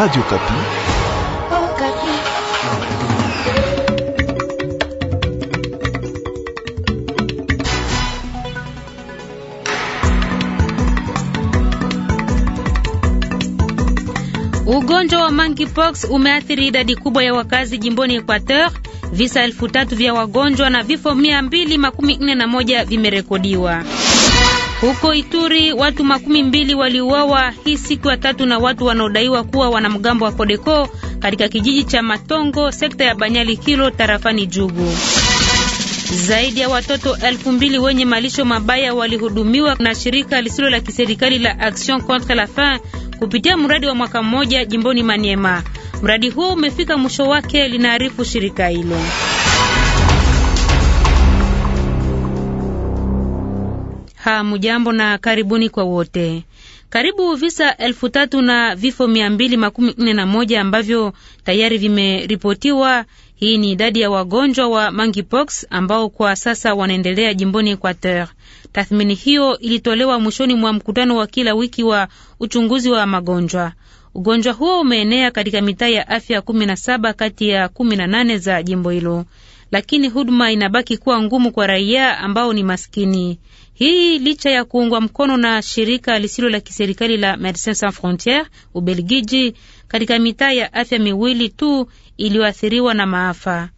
Radio Kapi. Oh, Kapi. Ugonjwa wa monkeypox umeathiri idadi kubwa ya wakazi jimboni Equateur. Visa elfu tatu vya wagonjwa na vifo 241 vimerekodiwa. Huko Ituri watu makumi mbili waliuawa hii siku ya tatu na watu wanaodaiwa kuwa wanamgambo wa Kodeko katika kijiji cha Matongo sekta ya Banyali Kilo tarafani Jugu. Zaidi ya watoto elfu mbili wenye malisho mabaya walihudumiwa na shirika lisilo la kiserikali la Action Contre la Faim kupitia mradi wa mwaka mmoja jimboni Maniema. Mradi huu umefika mwisho wake, linaarifu shirika hilo. Hamujambo na karibuni kwa wote. Karibu visa elfu tatu na vifo mia mbili makumi nne na moja ambavyo tayari vimeripotiwa. Hii ni idadi ya wagonjwa wa monkeypox ambao kwa sasa wanaendelea jimboni Equateur. Tathmini hiyo ilitolewa mwishoni mwa mkutano wa kila wiki wa uchunguzi wa magonjwa. Ugonjwa huo umeenea katika mitaa ya afya 17 kati ya 18 za jimbo hilo lakini huduma inabaki kuwa ngumu kwa raia ambao ni maskini. Hii licha ya kuungwa mkono na shirika lisilo la kiserikali la Medecins Sans Frontieres Ubelgiji katika mitaa ya afya miwili tu iliyoathiriwa na maafa.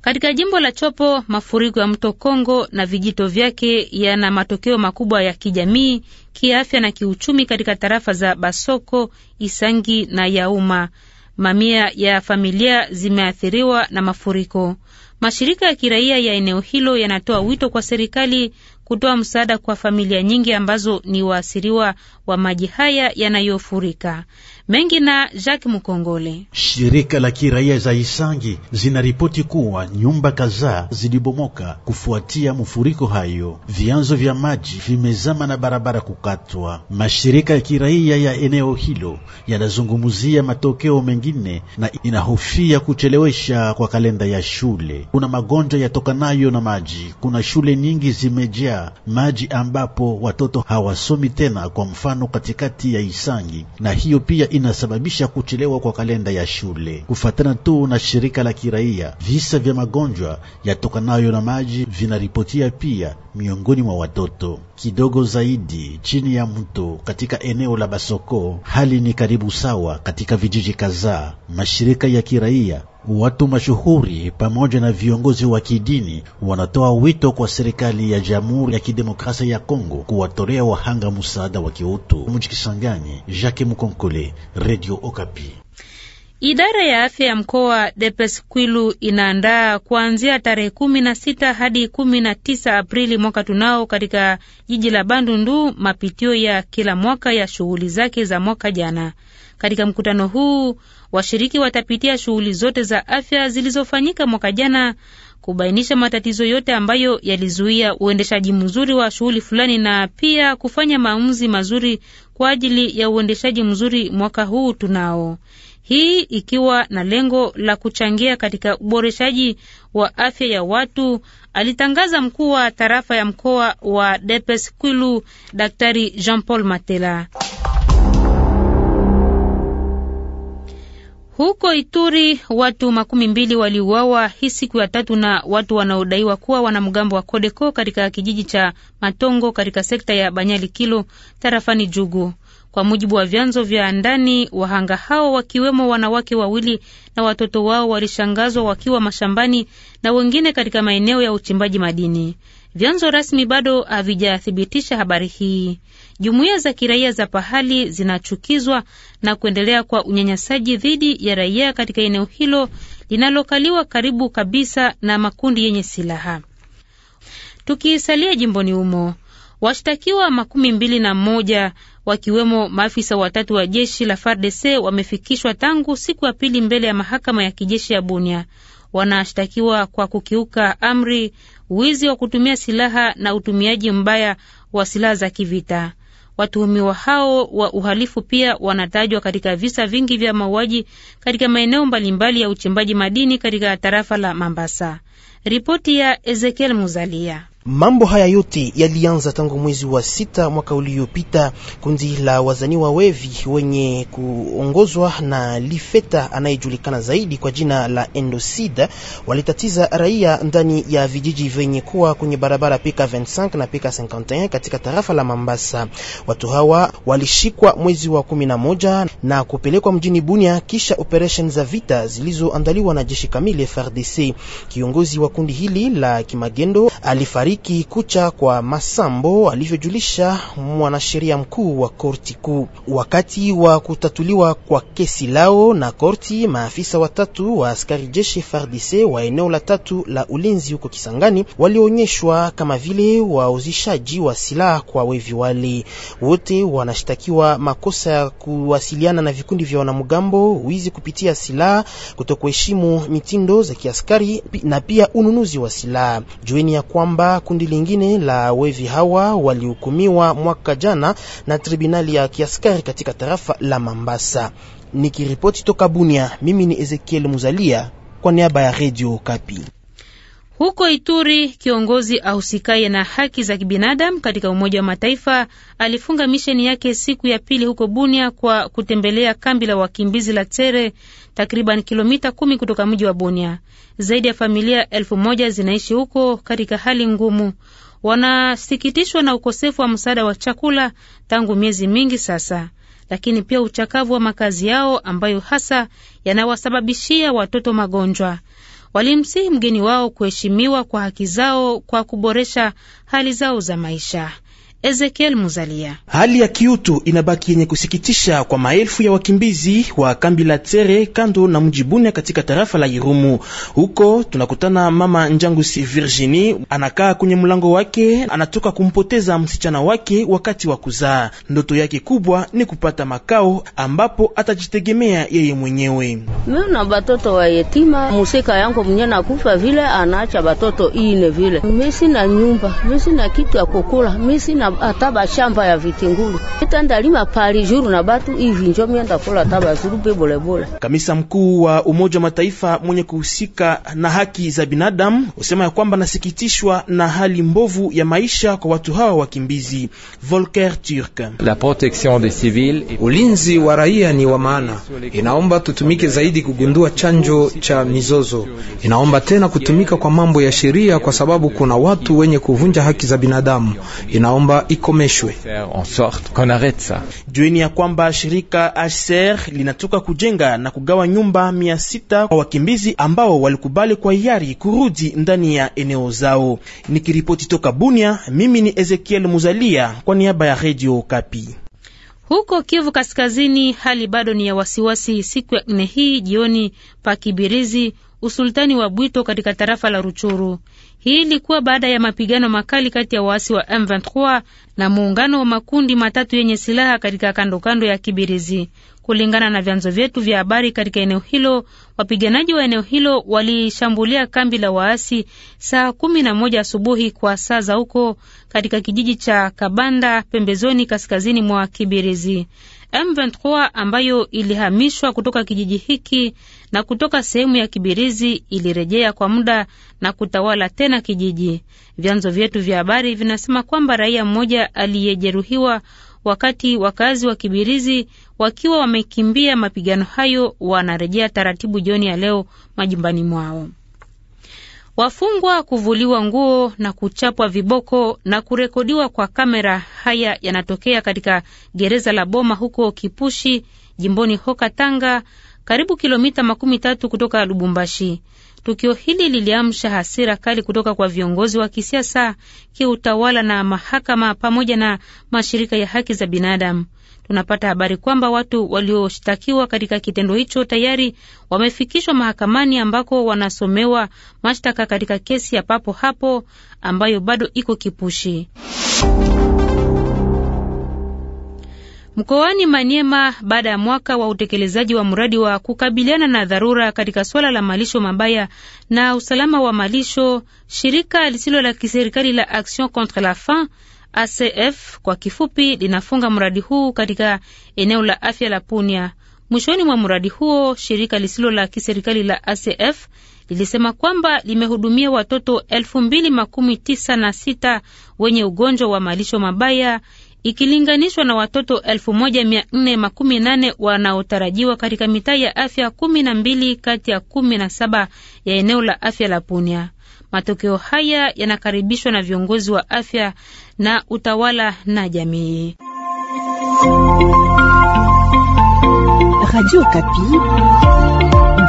Katika jimbo la Chopo, mafuriko ya mto Kongo na vijito vyake yana matokeo makubwa ya kijamii, kiafya na kiuchumi katika tarafa za Basoko, Isangi na Yauma. Mamia ya familia zimeathiriwa na mafuriko. Mashirika ya kiraia ya eneo hilo yanatoa wito kwa serikali kutoa msaada kwa familia nyingi ambazo ni waasiriwa wa maji haya yanayofurika mengi na Jacques Mukongole. Shirika la kiraia za Isangi zinaripoti kuwa nyumba kadhaa zilibomoka kufuatia mafuriko hayo, vyanzo vya maji vimezama na barabara kukatwa. Mashirika ya kiraia ya eneo hilo yanazungumzia matokeo mengine na inahofia kuchelewesha kwa kalenda ya shule. Kuna magonjwa yatokanayo na maji, kuna shule nyingi zimejaa maji ambapo watoto hawasomi tena, kwa mfano katikati ya Isangi, na hiyo pia inasababisha kuchelewa kwa kalenda ya shule. Kufatana tu na shirika la kiraia, visa vya magonjwa yatokanayo na maji vinaripotia pia miongoni mwa watoto. Kidogo zaidi chini ya mto katika eneo la Basoko, hali ni karibu sawa katika vijiji kadhaa. Mashirika ya kiraia, watu mashuhuri pamoja na viongozi wa kidini wanatoa wito kwa serikali ya Jamhuri ya Kidemokrasia ya Kongo kuwatolea wahanga msaada wa kiutu. Mjikisangani, Jacques Mukonkole, Radio Okapi. Idara ya afya ya mkoa Kwilu inaandaa kuanzia tarehe kumi na sita hadi kumi na tisa Aprili mwaka tunao katika jiji la Bandundu mapitio ya kila mwaka ya shughuli zake za mwaka jana. Katika mkutano huu washiriki watapitia shughuli zote za afya zilizofanyika mwaka jana, kubainisha matatizo yote ambayo yalizuia uendeshaji mzuri wa shughuli fulani, na pia kufanya maamuzi mazuri kwa ajili ya uendeshaji mzuri mwaka huu tunao hii ikiwa na lengo la kuchangia katika uboreshaji wa afya ya watu, alitangaza mkuu wa tarafa ya mkoa wa Depes Kwilu, Daktari Jean Paul Matela. Huko Ituri watu makumi mbili waliuawa hii siku ya tatu na watu wanaodaiwa kuwa wanamgambo wa Kodeko katika kijiji cha Matongo katika sekta ya Banyali Kilo tarafani Jugu. Kwa mujibu wa vyanzo vya ndani, wahanga hao wakiwemo wanawake wawili na watoto wao walishangazwa wakiwa mashambani na wengine katika maeneo ya uchimbaji madini. Vyanzo rasmi bado havijathibitisha habari hii. Jumuiya za kiraia za pahali zinachukizwa na kuendelea kwa unyanyasaji dhidi ya raia katika eneo hilo linalokaliwa karibu kabisa na makundi yenye silaha. Tukisalia jimboni humo, washtakiwa makumi mbili na moja wakiwemo maafisa watatu wa jeshi la FARDC wamefikishwa tangu siku ya pili mbele ya mahakama ya kijeshi ya Bunia. Wanashtakiwa kwa kukiuka amri, wizi wa kutumia silaha na utumiaji mbaya wa silaha za kivita. Watuhumiwa hao wa uhalifu pia wanatajwa katika visa vingi vya mauaji katika maeneo mbalimbali ya uchimbaji madini katika tarafa la Mambasa. Ripoti ya Ezekiel Muzalia. Mambo haya yote yalianza tangu mwezi wa sita mwaka uliopita. Kundi la wazaniwa wevi wenye kuongozwa na Lifeta anayejulikana zaidi kwa jina la Endosida walitatiza raia ndani ya vijiji vyenye kuwa kwenye barabara pika 25 na pika 51 katika tarafa la Mambasa. Watu hawa walishikwa mwezi wa 11 na kupelekwa mjini Bunia kisha operation za vita zilizoandaliwa na jeshi kamili frdc Kiongozi wa kundi hili la kimagendo alifariki kufariki kucha kwa Masambo, alivyojulisha mwanasheria mkuu wa korti kuu. Wakati wa kutatuliwa kwa kesi lao na korti, maafisa watatu wa askari jeshi FARDC wa eneo la tatu la ulinzi huko Kisangani walionyeshwa kama vile wauzishaji wa silaha kwa wevi wale. Wote wanashtakiwa makosa ya kuwasiliana na vikundi vya wanamgambo, wizi kupitia silaha, kutokuheshimu mitindo za kiaskari na pia ununuzi wa silaha. Jueni ya kwamba kundi lingine la wevi hawa walihukumiwa mwaka jana na tribunali ya kiaskari katika tarafa la Mambasa. Nikiripoti toka Bunia, mimi ni Ezekiel Muzalia kwa niaba ya Radio Kapi. Huko Ituri, kiongozi ahusikaye na haki za kibinadamu katika Umoja wa Mataifa alifunga misheni yake siku ya pili huko Bunia kwa kutembelea kambi la wakimbizi la Tsere, takriban kilomita kumi kutoka mji wa Bunia. Zaidi ya familia elfu moja zinaishi huko katika hali ngumu, wanasikitishwa na ukosefu wa msaada wa chakula tangu miezi mingi sasa, lakini pia uchakavu wa makazi yao ambayo hasa yanawasababishia watoto magonjwa walimsihi mgeni wao kuheshimiwa kwa haki zao kwa kuboresha hali zao za maisha. Ezekiel Muzalia. Hali ya kiutu inabaki yenye kusikitisha kwa maelfu ya wakimbizi wa kambi la Tere kando na mji Bunia katika tarafa la Irumu. Huko tunakutana mama Njangusi Virginie, anakaa kwenye mlango wake, anatoka kumpoteza msichana wake wakati wa kuzaa. Ndoto yake kubwa ni kupata makao ambapo atajitegemea yeye mwenyewe mimi na batoto wa yetima musika yangu mwenye nakufa vile anaacha batoto ine vile. Mimi sina nyumba, mimi sina kitu ya kukula, mimi sina hata bashamba ya vitunguru. itandalima pali juru na batu hivi njo mimi ndakula taba zurube bole bole. Kamisa mkuu wa Umoja wa Mataifa mwenye kuhusika na haki za binadamu usema ya kwamba nasikitishwa na hali mbovu ya maisha kwa watu hawa wakimbizi. Volker Turk: la protection des civils, ulinzi wa raia ni wa maana, inaomba tutumike zaidi zaidi kugundua chanjo cha mizozo. Inaomba tena kutumika kwa mambo ya sheria, kwa sababu kuna watu wenye kuvunja haki za binadamu. Inaomba ikomeshwe. Jueni ya kwamba shirika HCR linatoka kujenga na kugawa nyumba mia sita kwa wakimbizi ambao walikubali kwa hiari kurudi ndani ya eneo zao. Nikiripoti toka Bunia, mimi ni Ezekiel Muzalia kwa niaba ya redio Kapi. Huko Kivu Kaskazini, hali bado ni ya wasiwasi siku ya nne hii jioni pa Kibirizi usultani wa Bwito katika tarafa la Ruchuru. Hii ilikuwa baada ya mapigano makali kati ya waasi wa M23 na muungano wa makundi matatu yenye silaha katika kando kando ya Kibirizi. Kulingana na vyanzo vyetu vya habari katika eneo hilo, wapiganaji wa eneo hilo walishambulia kambi la waasi saa kumi na moja asubuhi kwa saa za huko katika kijiji cha Kabanda pembezoni kaskazini mwa Kibirizi. M23 ambayo ilihamishwa kutoka kijiji hiki na kutoka sehemu ya Kibirizi ilirejea kwa muda na kutawala tena kijiji. Vyanzo vyetu vya habari vinasema kwamba raia mmoja aliyejeruhiwa wakati wakazi wa Kibirizi wakiwa wamekimbia mapigano hayo wanarejea taratibu jioni ya leo majumbani mwao. Wafungwa kuvuliwa nguo na kuchapwa viboko na kurekodiwa kwa kamera. Haya yanatokea katika gereza la Boma huko Kipushi, jimboni Hoka Tanga, karibu kilomita makumi tatu kutoka Lubumbashi. Tukio hili liliamsha hasira kali kutoka kwa viongozi wa kisiasa, kiutawala na mahakama pamoja na mashirika ya haki za binadamu tunapata habari kwamba watu walioshtakiwa katika kitendo hicho tayari wamefikishwa mahakamani ambako wanasomewa mashtaka katika kesi ya papo hapo ambayo bado iko kipushi. Mkoani Maniema, baada ya mwaka wa utekelezaji wa mradi wa kukabiliana na dharura katika suala la malisho mabaya na usalama wa malisho, shirika lisilo la kiserikali la Action contre la faim ACF kwa kifupi linafunga mradi huu katika eneo la afya la Punia. Mwishoni mwa mradi huo, shirika lisilo la kiserikali la ACF lilisema kwamba limehudumia watoto elfu mbili makumi tisa na sita wenye ugonjwa wa malisho mabaya ikilinganishwa na watoto elfu moja mia nne makumi nane wanaotarajiwa katika mitaa ya afya kumi na mbili kati ya kumi na saba ya eneo la afya la Punia. Matokeo haya yanakaribishwa na viongozi wa afya na utawala na jamii. Radio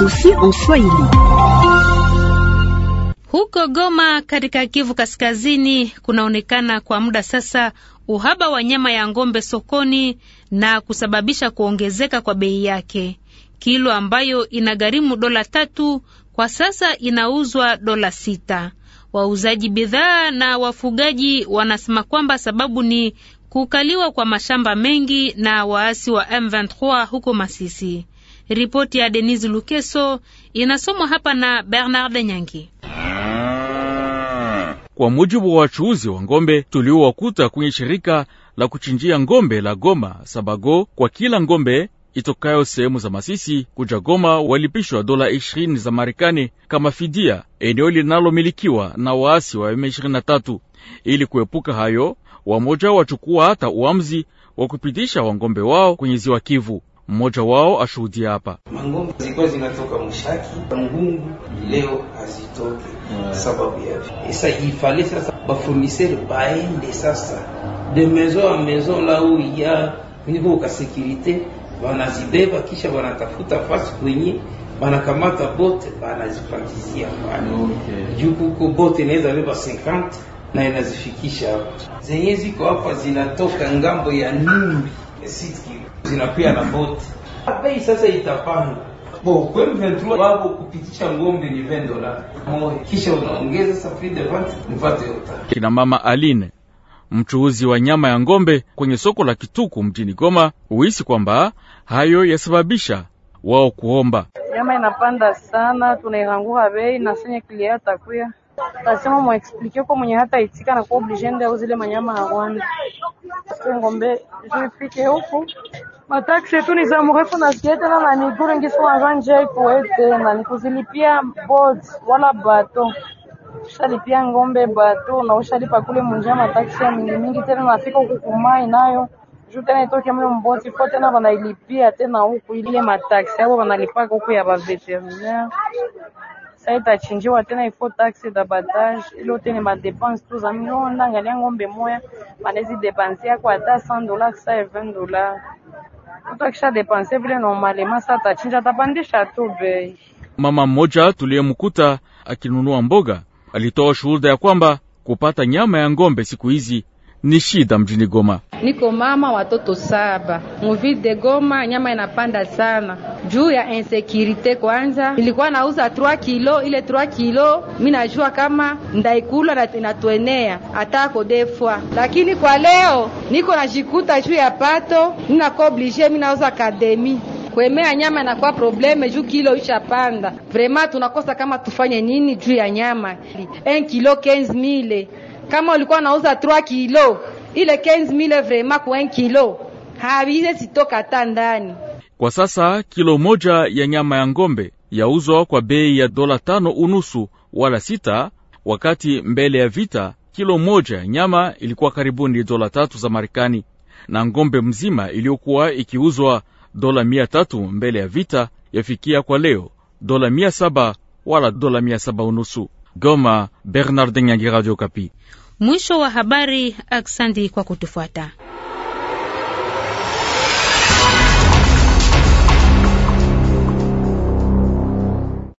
dossier en Swahili. Huko Goma katika Kivu Kaskazini kunaonekana kwa muda sasa uhaba wa nyama ya ng'ombe sokoni na kusababisha kuongezeka kwa bei yake. Kilo ambayo inagharimu dola tatu kwa sasa inauzwa dola sita. Wauzaji bidhaa na wafugaji wanasema kwamba sababu ni kukaliwa kwa mashamba mengi na waasi wa M23 huko Masisi. Ripoti ya Denise Lukeso inasomwa hapa na Bernard Nyangi. Kwa mujibu wa wachuuzi wa ngombe tuliowakuta kwenye shirika la kuchinjia ngombe la Goma Sabago, kwa kila ngombe itokayo sehemu za Masisi kuja Goma walipishwa dola 20 za Marekani kama fidia eneo linalomilikiwa na waasi wa M23. Ili kuepuka hayo, wamoja wachukua hata uamuzi wa kupitisha wangombe wao kwenye ziwa Kivu. Mmoja wao ashuhudia hapa. Mangombe zilikuwa zinatoka leo hazitoke hmm. Sababu ya ifale sasa baende sasa de maison maison la wanazibeba kisha wanatafuta fasi kwenye wanakamata bote banazipangizia pale okay. juu kuko bote inaweza beba 50 na inazifikisha hapo. Zenye ziko hapa zinatoka ngambo ya Numbi zinakuya na bote bei sasa itapanda bo kwemventu wabo kupitisha ngombe ni vendola mo kisha unaongeza safari de vente mfate yota kina mama Aline mchuuzi wa nyama ya ng'ombe kwenye soko la Kituku mjini Goma huisi kwamba hayo yasababisha wao kuomba. Nyama inapanda sana, tunairangura bei na senye kilia takuya tasema mwaexplike ko mwenye hata itika na kuwa obligende au zile manyama ya Rwanda ngombe zipike huku mataksi etu ni za mrefu na tena na nigure ngisi ikuwe tena nikuzilipia bod wala bato ushalipia ngombe bato na ushalipa kule munjama taksi ya mingi mingi, tena nafika kukumai nayo juu tena itoke mle mboti fo tena wanailipia tena huku ile mataksi abo wanalipaka huku ya baveterinaire. Sasa itachinjiwa tena ifo taxe dabatage ilo tena madepense tu zami no nangalia ngombe moya manezi depense yako hata 100 dola sa 20 dola mtu akisha depense vile normalema, sasa atachinja atapandisha tu bei. Mama mmoja tuliyemkuta akinunua mboga alitoa shuhuda ya kwamba kupata nyama ya ng'ombe siku hizi ni shida mjini Goma. Niko mama watoto saba muvide Goma, nyama inapanda sana juu ya insekirite. Kwanza ilikuwa nauza 3 kilo, ile 3 kilo mi najua kama ndaikula na inatuenea hata kodefwa, lakini kwa leo niko najikuta juu ya pato, mimi nako oblige nauza kademi kuemea nyama inakuwa probleme juu kilo ishapanda. Vrema tunakosa kama tufanye nini juu ya nyama en kilo mile. kama ulikuwa nauza 3 kilo ile mile vrema kwa en kilo habize sitoka hata ndani. Kwa sasa kilo moja ya nyama ya ngombe yauzwa kwa bei ya dola tano unusu wala sita, wakati mbele ya vita kilo moja ya nyama ilikuwa karibuni dola tatu za Marekani na ngombe mzima iliyokuwa ikiuzwa dola mia tatu mbele ya vita yafikia kwa leo dola mia saba wala dola mia saba unusu. Goma, Bernardin Nyangi, Radio Kapi. Mwisho wa habari. Aksandi kwa kutufuata.